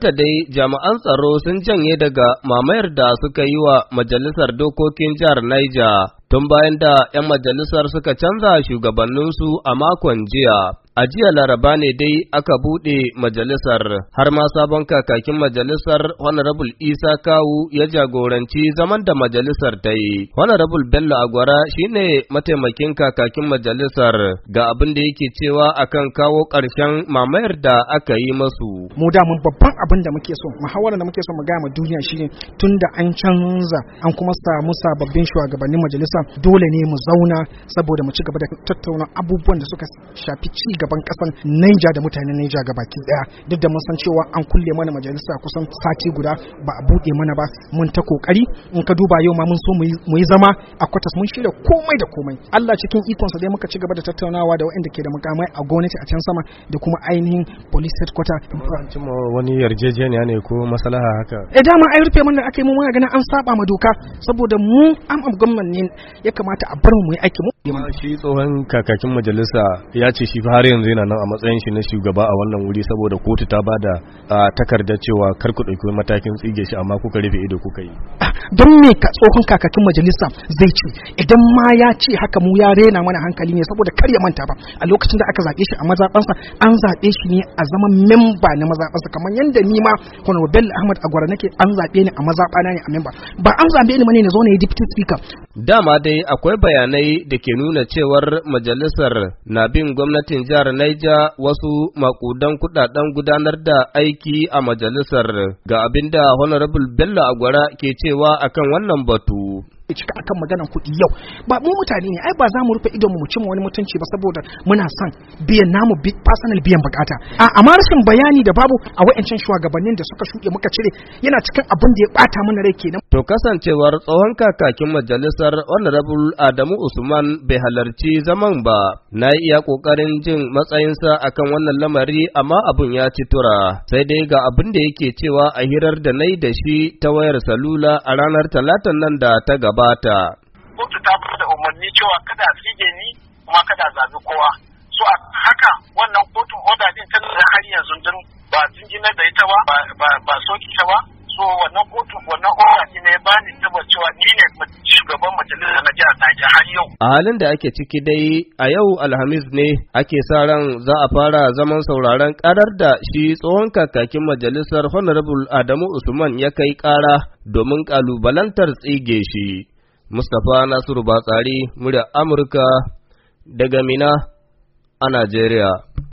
ta dai jami'an tsaro sun janye daga mamayar da suka yi wa majalisar dokokin jihar Niger tun bayan da 'yan majalisar suka canza shugabanninsu a makon jiya. A jiya laraba ne dai aka buɗe majalisar, har ma sabon kakakin majalisar Honorable Isa Kawu ya jagoranci zaman da majalisar ta yi. Honorable Bello Agwara shine mataimakin kakakin majalisar ga abin da yake cewa akan kawo ƙarshen mamayar da aka yi masu. Mu da mun babban abin da muke so, muhawarar da muke so mu gama duniya shine tun da an canza an kuma samu sababbin shugabannin majalisa dole ne mu zauna saboda mu ci gaba da tattauna abubuwan da suka shafi ci gaban kasan Niger da mutanen ga baki daya duk da mun san cewa an kulle mana majalisa kusan sati guda ba a buɗe mana ba mun ta kokari in ka duba yau ma mun so mu yi zama a kwatas mun shirya komai da komai Allah cikin ikon sa dai muka ci gaba da tattaunawa da waɗanda ke da mukamai a gwamnati a can sama da kuma ainihin police headquarter wani yarjejeniya ne ko maslaha haka eh dama ai rufe mun da ake mun muna ganin an saba ma doka saboda mu am am gwamnati ya kamata a bar mu mu yi aiki mu shi tsohon kakakin majalisa ya ce shi har yanzu yana nan a matsayin shi na shugaba a wannan wuri saboda kotu ta bada takardar cewa kar ku ɗauki matakin tsige shi amma kuka rufe ido kuka yi ah, don me ka tsohon kakakin majalisa zai ce idan ma ya ce haka mu ya rena mana hankali ne saboda kar ya manta ba a lokacin da aka zaɓe shi a mazaɓansa an zaɓe shi ne a zaman memba na mazaɓansa kamar yadda ni ma honorable bello ahmad agwara nake an zabe ni a mazaɓana ne a memba ba an zaɓe ni ne na zo na yi deputy speaker Dama dai akwai bayanai da ke nuna cewar majalisar na bin gwamnatin jihar Naija wasu makudan kudaden gudanar da aiki a majalisar ga abin da Honorable Bello Agwara ke cewa akan wannan batu. cika akan maganan kuɗi yau ba mu mutane ne ai ba za mu rufe idon mu cimma wani mutunci ba saboda muna son biyan namu personal biyan bukata a amma rashin bayani da babu a wayancan shugabannin da suka shuke muka cire yana cikin abin da ya bata mana rai kenan To kasancewar tsohon kakakin majalisar Honorable Adamu Usman bai halarci zaman ba, na yi iya ƙoƙarin jin matsayinsa akan wannan lamari amma abun ya ci tura, sai dai ga abin da yake cewa a hirar da na yi da shi ta wayar salula a ranar talatan nan da ta gabata. Kotu ta fi da umarni cewa kada a tsige ni kuma kada a zabi kowa. So a haka wannan kotun oda din tana da har yanzu din ba jinjinar da ita ba ba soki ta ba so wannan kotu ni ne shugaban majalisar na jihar Niger har yau. A halin da ake ciki dai a yau Alhamis ne ake sa ran za a fara zaman sauraron karar da shi tsohon kakakin majalisar Honorable Adamu Usman ya kai kara domin kalubalantar tsige shi. Mustapha Nasiru Batsari, murya Amurka daga Mina a Najeriya.